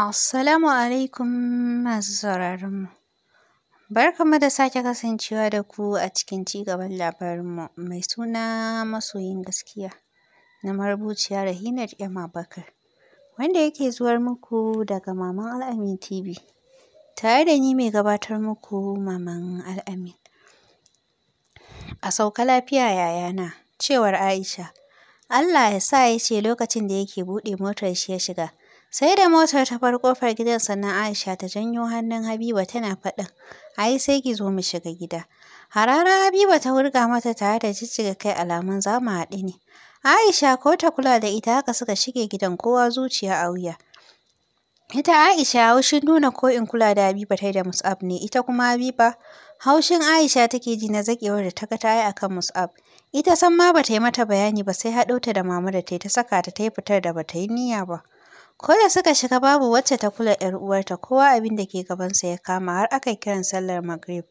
Assalamu alaikum masu sauraronmu. mu. Barkanmu da sake kasancewa da ku a cikin cigaban labarinmu mai suna masoyin gaskiya na marubuciya Rahinat M. Bakar, wanda yake zuwar muku daga Maman Al'amin TV tare da ni mai gabatar muku Maman Al'amin. A sauka lafiya yayana cewar Aisha. Allah ya sa ya ce lokacin da yake buɗe motar shi ya shiga. Sai da motar ta bar kofar gidan sannan Aisha ta janyo hannun Habiba tana faɗin, ai sai ki zo mu shiga gida. Harara Habiba ta wurga mata tare da jijjiga kai alamun za mu haɗu ne. Aisha ko ta kula da ita haka suka shige gidan kowa zuciya a wuya. Ita Aisha haushin nuna ko in kula da Habiba ta da Mus'ab ne, ita kuma Habiba haushin Aisha take ji na zakewar da ta ga ta yi kan Mus'ab. Ita san ma ba ta yi mata bayani ba sai haɗo ta da mama da ta ta saka ta ta yi fitar da ba ta yi niyya ba. Ko da suka shiga babu wacce ta kula ‘yar uwarta, kowa abin da ke gabansa ya kama har aka kiran sallar Maghrib.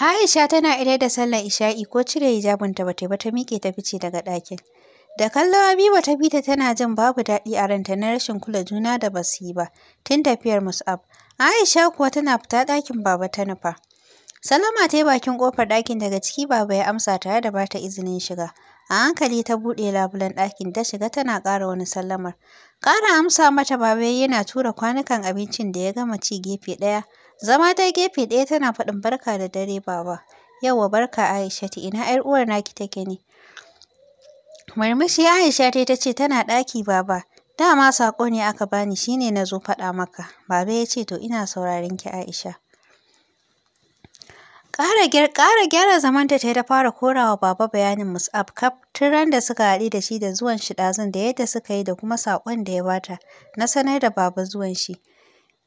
Aisha tana idar da sallar Isha'i ko cire hijabinta ba ta ba ta miƙe ta fice daga ɗakin. Da kallo Habiba ta bi tana jin babu daɗi a ranta na rashin kula juna da basu yi ba tun tafiyar Mus'ab. Aisha kuwa tana fita ɗakin Baba ta nufa. Salama ta yi bakin kofar ɗakin daga ciki baba ya amsa tare da bata izinin shiga. A hankali ta buɗe labulen ɗakin ta shiga tana ƙara wani sallamar. Ƙara amsa mata baba yana tura kwanukan abincin da ya gama ci gefe ɗaya. Zama ta gefe ɗaya tana faɗin barka da dare baba. Yawwa barka Aisha" ta ina ‘yar uwar naki take ne? Murmushi Aisha ta ce tana ɗaki baba. Dama saƙo ne aka bani shine na zo faɗa maka. Baba ya ce to ina sauraron ki Aisha. Ƙara gyara zamanta ta yi ta fara korawa baba bayanin Mus'ab kaf tun ran da suka haɗu da shi da zuwan shi ɗazun da yadda suka yi da kuma saƙon da ya bata na sanar da baba zuwan shi.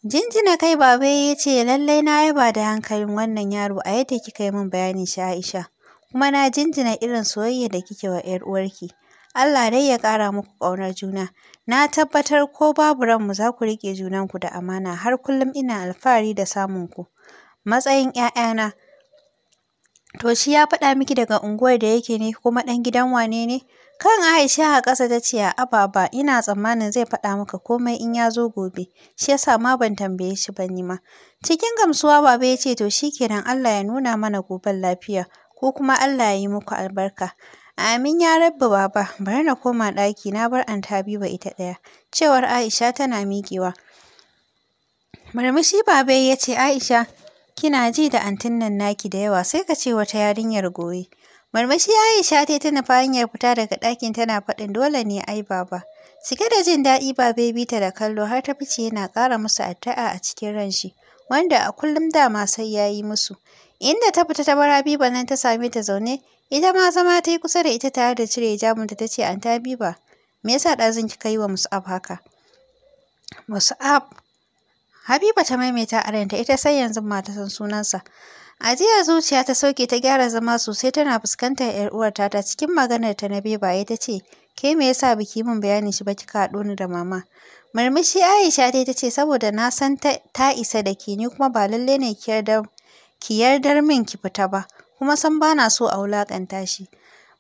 Jinjina kai baba ya ce lallai na yaba da hankalin wannan yaro a yadda kika yi min bayanin shi Aisha kuma na jinjina irin soyayya da kike wa 'yar uwarki. Allah dai ya ƙara muku ƙaunar juna. Na tabbatar ko babu ranmu za ku riƙe junanku da amana har kullum ina alfahari da samunku. Matsayin 'ya'yana To shi ya faɗa miki daga unguwar da yake ne kuma ɗan gidan wane ne? Kan Aisha a ƙasa ta ce a ababa ina tsammanin zai faɗa maka komai in ya zo gobe, shi yasa ma ban tambaye shi ba ni ma. Cikin gamsuwa baba ya ce to shi kenan Allah ya nuna mana goben lafiya, ko kuma Allah ya yi muku albarka. Amin ya rabba baba, bari na koma ɗaki na bar an Habiba ita ɗaya, cewar Aisha tana miƙewa. Murmushi baba ya ce Aisha Kina ji da antin nan naki da yawa sai ka ce wata yarinyar goyi. Marmashi Aisha ta ta nufa hanyar fita daga ɗakin tana faɗin dole ne ai baba. Cike da jin daɗi ba bebi ta da kallo har ta fice yana ƙara musu addu'a a cikin ran shi, wanda a kullum dama sai ya yi musu. Inda ta fita ta bar Habiba nan ta same ta zaune, ita ma zama ta yi kusa da ita tare da cire jamunta ta ce an ta Habiba, me yasa ɗazun kika yi wa Mus'ab haka? Mus'ab Habiba ta maimaita a ranta ita sai yanzu ma ta san sunansa. Ajiya zuciya ta sauke ta gyara zama sosai tana fuskantar ‘yar uwarta ta cikin maganar ta na ya ta ce, ke me yasa biki min bayani shi ba kika haɗo ni da mama. Murmushi Aisha dai ta ce saboda na san ta isa da ke ni kuma ba lalle ne ki yardar min ki fita ba kuma san bana so a wulaƙanta shi.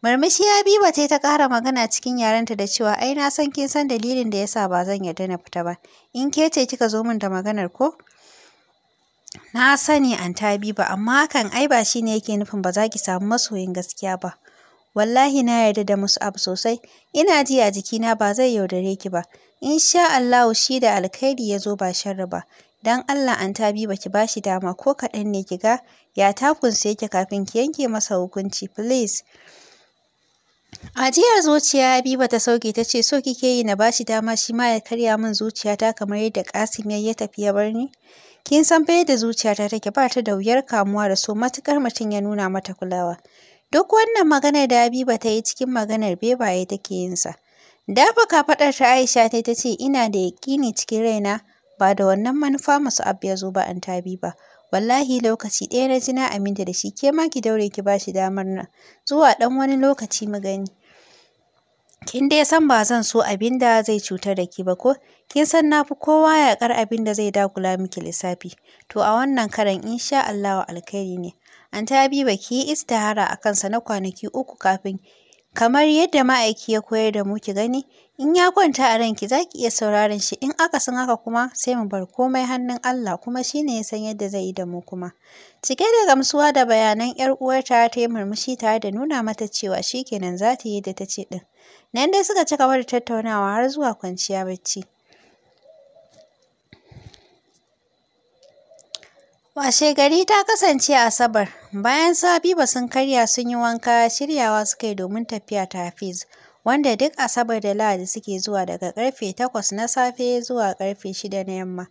Murmushi Habiba tai ta ƙara magana cikin yarenta da cewa ai na san kin san dalilin da yasa ba zan yarda na fita ba. In ke ce kika zo min da maganar ko? Na sani an bi ba amma hakan ai ba shine yake nufin ba za ki samu masoyin gaskiya ba. Wallahi na yarda da musu abu sosai. Ina ji a jikina ba zai yaudare ki ba. Insha Allahu shi da alkhairi ya zo ba sharri ba. Dan Allah an bi Habiba ki shi dama ko kaɗan ne ki ga ya takunsa yake kafin ki yanke masa hukunci please. Ajiyar zuciya Habiba ta sauke ta ce so kike yi na bashi dama shi ma ya karya min zuciyata kamar yadda Kasim ya tafi ya barni? Kin san fa yadda zuciyata take ba ta da wuyar kamuwa da so matukar mutum ya nuna mata kulawa. Duk wannan maganar da Habiba ta yi cikin maganar bebaye take yin sa. Dafa kafaɗar ta Aisha ta ta ce ina da yaƙini cikin raina ba da wannan manufa abu ya zo ba an Habiba. Wallahi lokaci ɗaya na ji na aminta da shi, ke ma ki daure ki ba damar nan. Zuwa ɗan wani lokaci mu gani. Kin dai san ba zan so abin da zai cutar da ki ba ko? Kin san na fi kowa yaƙar abin da zai dakula miki lissafi. To a wannan karan insha Allahu alkhairi ne. Anta Habiba ki yi istihara a kansa na kwanaki uku kafin kamar yadda ma'aiki ya koyar da mu ki gani In ya kwanta a ranki za ki iya sauraron shi in aka san haka kuma sai mu bar komai hannun Allah kuma shi ne ya san yadda zai yi da mu kuma. Cike da gamsuwa da bayanan 'yar uwarta ta yi murmushi tare da nuna mata cewa shi kenan za ta yi da ta ce ɗin. Nan dai suka ci gaba da tattaunawa har zuwa kwanciya bacci. Washe gari ta kasance a Asabar, bayan Sabiba sun karya sun yi wanka shiryawa suka yi domin tafiya ta Hafiz. wanda duk Asabar da Lahadi suke zuwa daga ƙarfe 8 na safe zuwa ƙarfe 6 na yamma.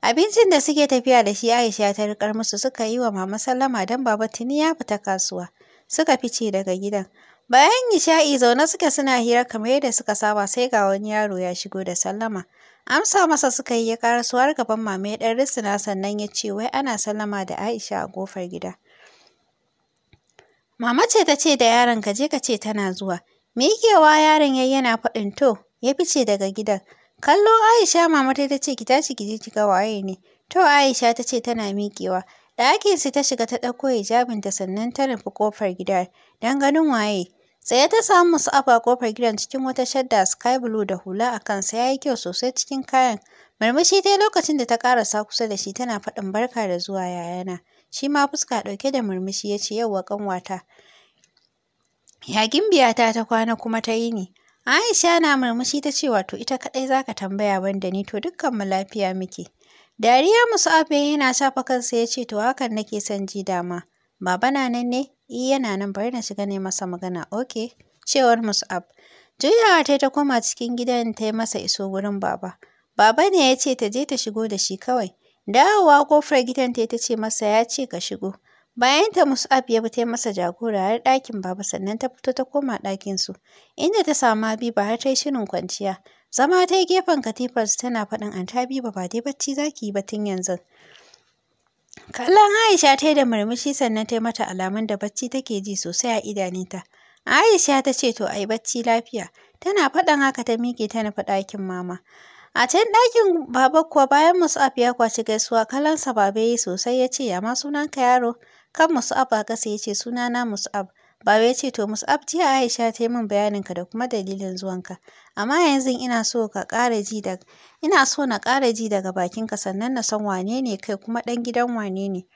Abincin da suke tafiya da shi Aisha ta riƙar musu suka yi wa Mama Sallama don Baba tini ya fita kasuwa. Suka fice daga gidan. Bayan nishaɗi zaune suke suna hira kamar yadda suka saba sai ga wani yaro ya shigo da sallama. Amsa masa suka yi ya ƙara har gaban mama ya ɗan risina sannan ya ce wai ana sallama da Aisha a gofar gida. Mama ce ta ce da yaron ka je ka ce tana zuwa. Miƙewa yaron yayi yana faɗin to, ya fice daga gidan. Kallo Aisha mama ta ce ki tashi ki je ki ga waye ne. To Aisha ta ce tana miƙewa. Ɗakinsu ta shiga ta ɗauko hijabin ta sannan ta nufi ƙofar gida don ganin waye. Tsaye ta samu afa ƙofar gidan cikin wata shadda sky blue da hula a kansa ya yi kyau sosai cikin kayan. Murmushi dai lokacin da ta ƙarasa kusa da shi tana faɗin barka da zuwa yayana. Shi ma fuska ɗauke da murmushi ya ce yau wa ƙanwata. Ya gimbiyata ta kwana kuma ta yi ni. Aisha na murmushi ta ce wato ita kaɗai za ka tambaya ban da ni to dukkanmu lafiya muke. Dariya abin yana shafa kansa ya ce to hakan nake son ji dama. Baba na nan ne? I eh, yana nan bari na shiga ne masa magana. ok Cewar ab. Juyawa ta ta koma cikin gidan ta yi masa iso gurin baba. Baba ne ya ce ta je ta shigo da shi kawai. Dawowa kofar gidan ta ta ce masa ya ce ka shigo. Bayan ta Mus'ab ya bi ta masa jagora har ɗakin baba sannan ta fito ta koma ɗakinsu. inda ta samu Habiba har ta yi shirin kwanciya. Zama ta yi gefen katifar tana faɗin an ta Habiba ba dai bacci za ki yi ba tun yanzu. Kallon Aisha ta yi da murmushi sannan ta yi mata alamun da bacci take ji sosai a idanunta. Aisha ta ce to ai bacci lafiya. Tana faɗan haka ta miƙe ta nufi ɗakin mama. A can ɗakin baba kuwa bayan Mus'ab ya kwaci gaisuwa kallon baba ya sosai ya ce ya ma sunanka yaro. Kan Mus'ab a ƙasa ya ce sunana Mus'ab. Baba ya ce to Mus'ab jiya Aisha ta yi min bayaninka da kuma dalilin zuwanka. Amma yanzu ina so ka ƙara ji da ina so na ƙara ji daga bakinka sannan na san wane ne kai kuma ɗan gidan wane ne.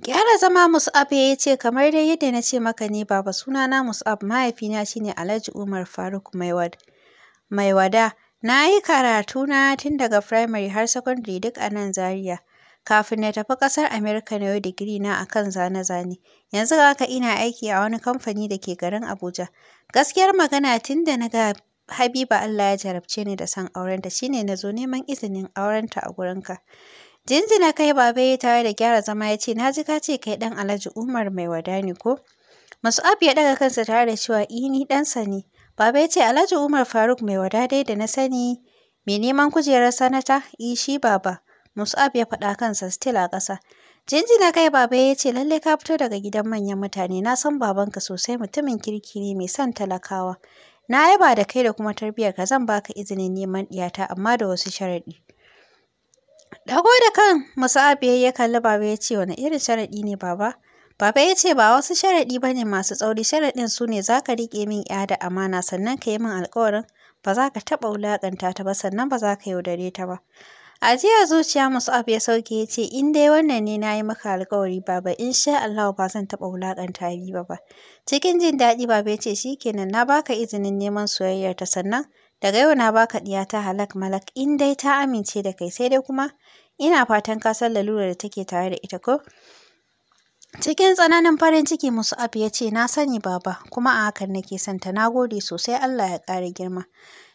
Gyara zama Mus'ab ya ce kamar dai yadda na ce maka ne baba sunana Mus'ab mahaifina shine Alhaji Umar Faruk Maiwada na yi karatu na tun daga firamare har sakandare duk a nan Zaria. Kafin na tafi ƙasar Amurka na yi digiri na a kan zane-zane, yanzu ga haka ina aiki a wani kamfani da ke garin Abuja. Gaskiyar magana tun da na ga Habiba Allah ya jarabce ni da son aurenta shine na zo neman izinin aurenta a gurinka. Jinjina kai babe tare da gyara zama ya ce na ji ka ce kai ɗan Alhaji Umar mai wadani ko? Mas'ab ya ɗaga kansa tare da cewa ini eh, ɗansa ne. Baba ya ce Alhaji Umar Faruk mai wada dai da na sani mai neman kujerar sanata ishi eh, shi baba. Mus'ab ya faɗa kansa still a ƙasa. Jinji na kai baba ya ce lallai ka fito daga gidan manyan mutane na san babanka sosai mutumin kirki ne mai son talakawa. Na yaba da kai da kuma ka, zan baka izinin neman ɗiyata amma da wasu sharaɗi. Dago da kan Musa'ab ya kalli baba ya ce wani irin sharaɗi ne baba? Baba ya ce ba wasu sharaɗi ba ne masu tsauri sharaɗin su ne za ka riƙe min ya da amana sannan ka yi min alƙawarin ba za ka taɓa wulaƙanta ta ba sannan ba za ka yaudare ta ba. Ajiya zuciya Mus'ab ya sauke ya ce in dai wannan ne na yi maka alkawari baba in sha Allah ba zan taɓa wulaƙanta Habiba ba. Cikin jin daɗi baba ya ce kenan na baka izinin neman soyayyar ta sannan daga yau na baka ɗiya ta halak malak in dai ta amince da kai sai dai kuma ina fatan ka san lalurar da take tare da ita ko. Cikin tsananin farin ciki Mus'ab ya ce na sani baba kuma a hakan nake santa ta gode sosai Allah ya ƙara girma.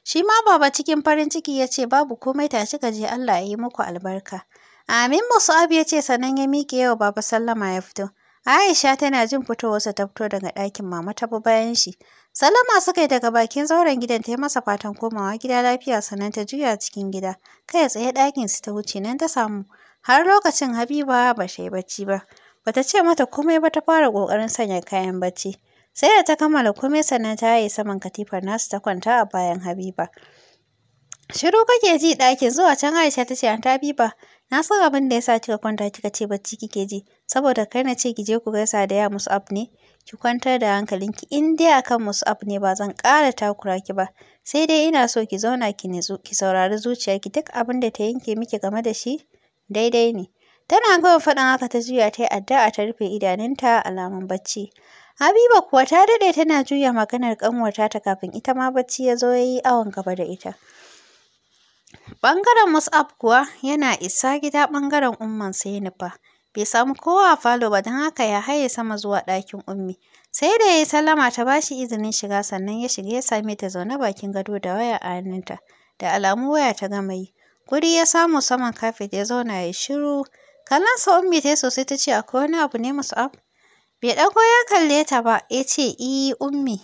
Shi ma baba cikin farin ciki ya ce babu komai tashi gaje Allah ya yi muku albarka. Amin abu ya ce sannan ya miƙe yau baba sallama ya fito. Aisha tana jin fitowarsa ta fito daga ɗakin mama ta bi bayan shi. sallama suka yi daga bakin zauren gidan ta yi masa fatan komawa gida lafiya sannan ta juya cikin gida. Kai tsaye ɗakin su ta wuce nan ta samu. Har lokacin Habiba ba shi bacci ba. Bata ce mata komai ba ta fara ƙoƙarin sanya kayan bacci. Sai da ta kammala komai sannan ta yi saman katifar nasu ta kwanta a bayan Habiba. Shiru kake ji ɗakin zuwa can Aisha ta ce an ta Habiba na san abin da ya sa kika kwanta kika ce bacci kike ji saboda kai na ce ki je ku gaisa da ya musu ab ne ki kwantar da hankalinki in dai akan musu ne ba zan ƙara takura ki ba sai dai ina so ki zauna ki nitsu ki saurari zuciyarki duk abin da ta yanke miki game da shi daidai ne tana gama faɗin haka ta juya ta yi addu'a ta rufe idanunta alamun bacci Habiba kuwa ta daɗe tana juya maganar ƙanwarta ta kafin ita ma bacci ya zo ya yi awon gaba da ita. Ɓangaren Mus'ab kuwa yana isa gida ɓangaren umman sai Bai samu kowa a falo ba don haka ya haye sama zuwa ɗakin ummi. Sai da ya yi sallama ta ba shi izinin shiga sannan ya shiga ya same ta zaune bakin gado da waya a hannunta. Da alamu waya ta gama yi. Guri ya samu saman kafet ya zauna ya shiru. Kallon sa ummi ta sosai ta ce akwai wani abu ne Mus'ab? Bai ɗago ya kalle ta ba, ya ce, I, Ummi.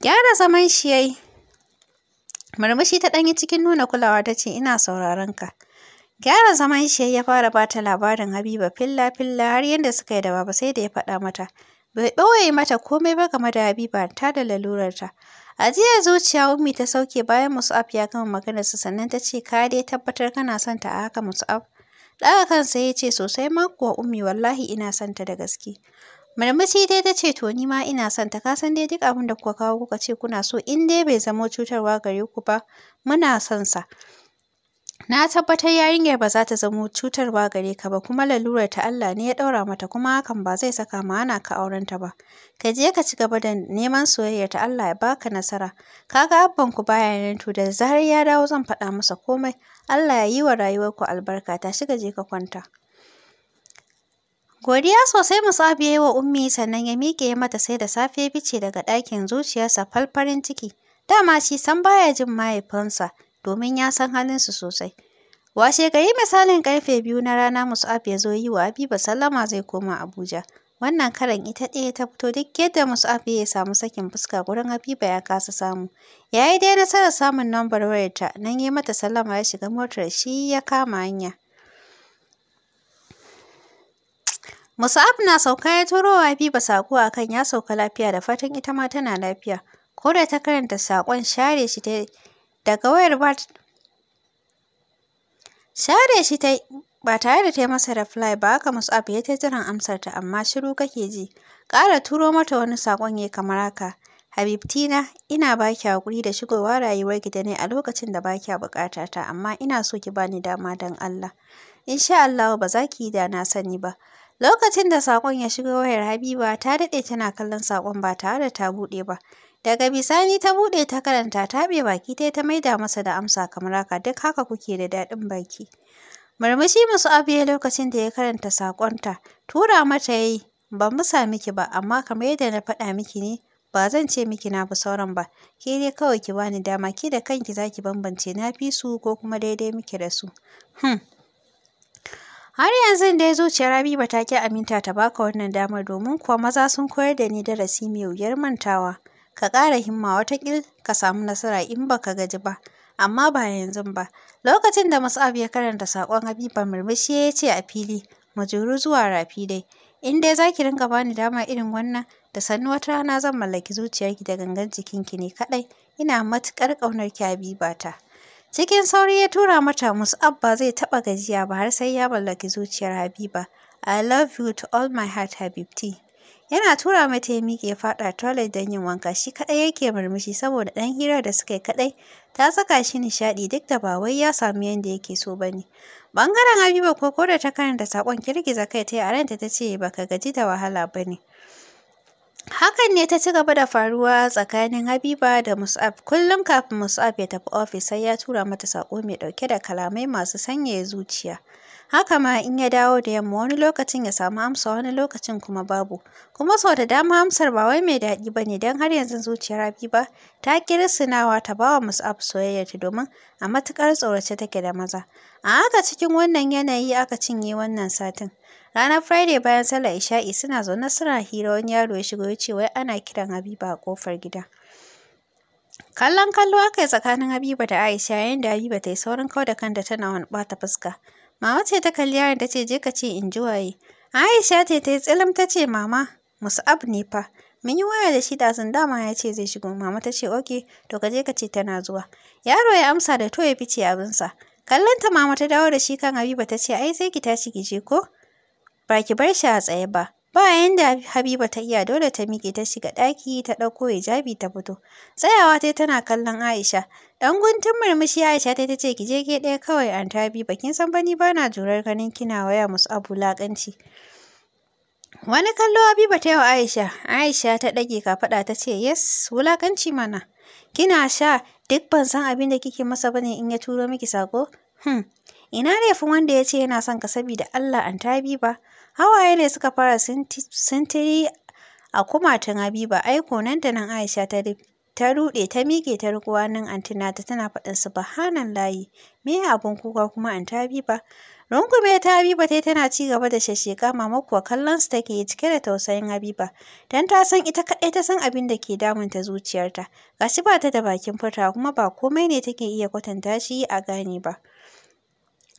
Gyara zaman shi ya Murmushi ta ɗanyi cikin nuna kulawa ta ce, Ina sauraron ka. Gyara zaman shi ya fara bata labarin Habiba filla-filla har yadda suka yi da baba sai da ya faɗa mata. bai ɓoye mata komai ba game da Habiba ta da lalurarta. Ajiyar zuciya Ummi ta sauke bayan Musa'af ya gama maganarsa sannan ta ce ka dai tabbatar kana son ta a haka Musa'af. Daga kansa ya ce sosai ma kuwa Ummi wallahi ina son ta da gaske. Marmaci dai ta ce to ni ma ina son ta ka san dai duk abin da kuka kawo kuka ce kuna so in dai bai zamo cutarwa gare ku ba muna son sa. Na tabbatar yarinyar ba za ta zamo cutarwa gare ka ba kuma lalurar ta Allah ne ya ɗaura mata kuma hakan ba zai saka ma ana ka auren ta ba. Ka je ka ci gaba da neman soyayyar ta Allah ya baka nasara. Kaga abban ku baya nan to da zarar ya dawo zan faɗa masa komai. Allah ya yi wa rayuwar ku albarka ta shiga je ka kwanta. Godiya sosai Musabi yayi yi wa Ummi sannan ya miƙe mata sai da safe bice daga ɗakin zuciyarsa falfarin ciki. Dama shi san baya jin mahaifinsa. domin ya san su sosai. Washe gari misalin karfe biyu na rana Mus'ab ya zo yi wa Habiba sallama zai koma Abuja. Wannan karan ita ɗaya ta fito duk yadda Mus'ab ya samu sakin fuska gurin Habiba ya kasa samu. Ya yi dai nasarar samun nambar wayarta nan ya mata sallama ya shiga motar shi ya kama hanya. Musa'ab na sauka ya turo wa Habiba saƙo a kan ya sauka lafiya da fatan ita ma tana lafiya. Ko da ta karanta saƙon share shi ta daga wayar ba share shi ta ba tare da ta masa reply ba haka Mus'ab ya ta jiran amsar ta amma shiru kake ji Kara turo mata wani sakon ya kamar haka Habibtina ina baki hakuri da shigowa rayuwar gida ne a lokacin da baki buƙata ta amma ina so ki bani dama don Allah insha Allah ba za ki yi da na sani ba lokacin da sakon ya shigo wayar Habiba ta daɗe tana kallon sakon ba tare da ta buɗe ba Daga bisani ta buɗe ta karanta ta haɓe baki ta ta maida masa da amsa kamar haka duk haka kuke da daɗin baki. Murmushi musu abiye lokacin da ya karanta saƙonta tura mata yayi ban musa miki ba amma kamar yadda na faɗa miki ne ba zan ce miki na bi sauran ba ke dai kawai ki bani dama ke da kanki zaki bambance na fi su ko kuma daidai miki da su. Hmm. Har yanzu dai zuciyar Habiba ta ƙi aminta ta baka wannan damar domin kuwa maza sun koyar da ni darasi mai wuyar mantawa. ka ƙara himma watakil ka samu nasara in baka gaji ba amma ba yanzu ba lokacin da mus'ab ya karanta saƙon habiba murmushi ya ce a fili mu juru zuwa rafi dai in dai za ki rinka bani dama irin wannan da sannu wata rana zan mallaki zuciyarki da gangan jikinki ne kaɗai ina matuƙar ƙaunar ki habiba ta cikin sauri ya tura mata mus'ab ba zai taɓa gajiya ba har sai ya mallaki zuciyar habiba i love you to all my heart habibti Yana tura mata ya miƙe ya faɗa toilet don yin wanka shi kaɗai yake murmushi saboda ɗan hirar da suka yi kaɗai ta saka shi nishaɗi duk da ba wai ya samu yanda yake so ba ne. Ɓangaren Habiba ko ko da ta karanta saƙon girgiza kai ta yi a ranta ta ce ba ka gaji da wahala ba ne. Hakan ne ta ci gaba da faruwa tsakanin Habiba da Mus'ab. Kullum kafin Mus'ab ya tafi ofis sai ya tura mata saƙo mai ɗauke da kalamai masu sanyaya zuciya. Haka ma in ya dawo da yamma wani lokacin ya samu amsa wani lokacin kuma babu. Kuma sau da dama amsar ba wai mai daɗi ba ne don har yanzu zuciyar Habiba ta ƙi risinawa ta ba wa Mus'ab soyayyarta domin a matuƙar tsorace take da maza. A haka cikin wannan yanayi aka cinye wannan satin. Ranar Friday bayan sallar Isha'i suna zaune suna hira wani yaro ya shigo ya ce wai ana kiran Habiba a ƙofar gida. Kallon kallo aka yi tsakanin Habiba da Aisha yayin da Habiba ta yi saurin kau da kanta tana wani ɓata fuska. Mama ce ta kalli yaron ta ce je ka ce in ji waye. Aisha ce ta yi tsilim ta ce mama Mus'ab ne fa. Mun yi waya da shi da ɗazun dama ya ce zai shigo. Mama ta ce oke to ka je ka ce tana zuwa. Yaro ya amsa da to ya fice abinsa. Kallon ta mama ta dawo da shi kan Habiba ta ce ai sai ki tashi ki je ko? Ba ki bar shi a tsaye ba. bayan da Habiba ta iya dole ta miƙe ta shiga ɗaki ta ɗauko hijabi ta fito. Tsayawa tai tana kallon Aisha. Ɗan guntun murmushi Aisha tai ta ce ki je ke ɗaya kawai an ta Habiba kin san bani ba na jurar ganin kina waya musu abu laƙanci. Wani kallo Habiba ta wa Aisha. Aisha ta ɗage kafaɗa ta ce yes wulaƙanci mana. Kina sha duk ban san abin da kike masa ba ne in ya turo miki sako? Hmm. Ina laifin wanda ya ce yana son ka sabida Allah an ta Habiba. Hawaye ne suka fara sintiri a kumatun Habiba aiko nan da nan Aisha ta ta ruɗe ta miƙe ta riƙo nan anti ta tana faɗin layi me abun kuka kuma anti Habiba rungume ta Habiba tai tana ci gaba da shashsheka mama kuwa kallon su take yi cike da tausayin Habiba dan ta san ita kaɗai ta san abin da ke damun ta zuciyarta gashi ba ta da bakin furta kuma ba komai ne take iya kwatanta shi a gane ba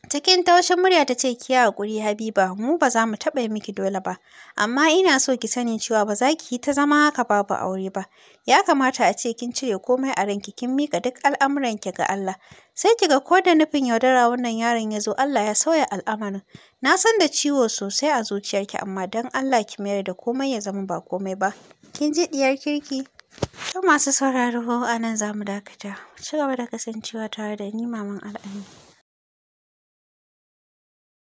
Cikin taushin murya ta ce ki hakuri Habiba mu ba za mu taɓa yi miki dole ba amma ina so ki sani cewa ba za ki yi ta zama haka babu aure ba ya kamata a ce kin cire komai a ranki kin mika duk al'amuran ki ga Allah sai ki ga ko da nufin yaudara wannan yaron ya zo Allah ya sauya al'amarin na san da ciwo sosai a zuciyarki amma don Allah ki mayar da komai ya zama ba komai ba kin ji diyar kirki to masu sauraro anan za mu dakata ci gaba da kasancewa tare da ni maman al'amin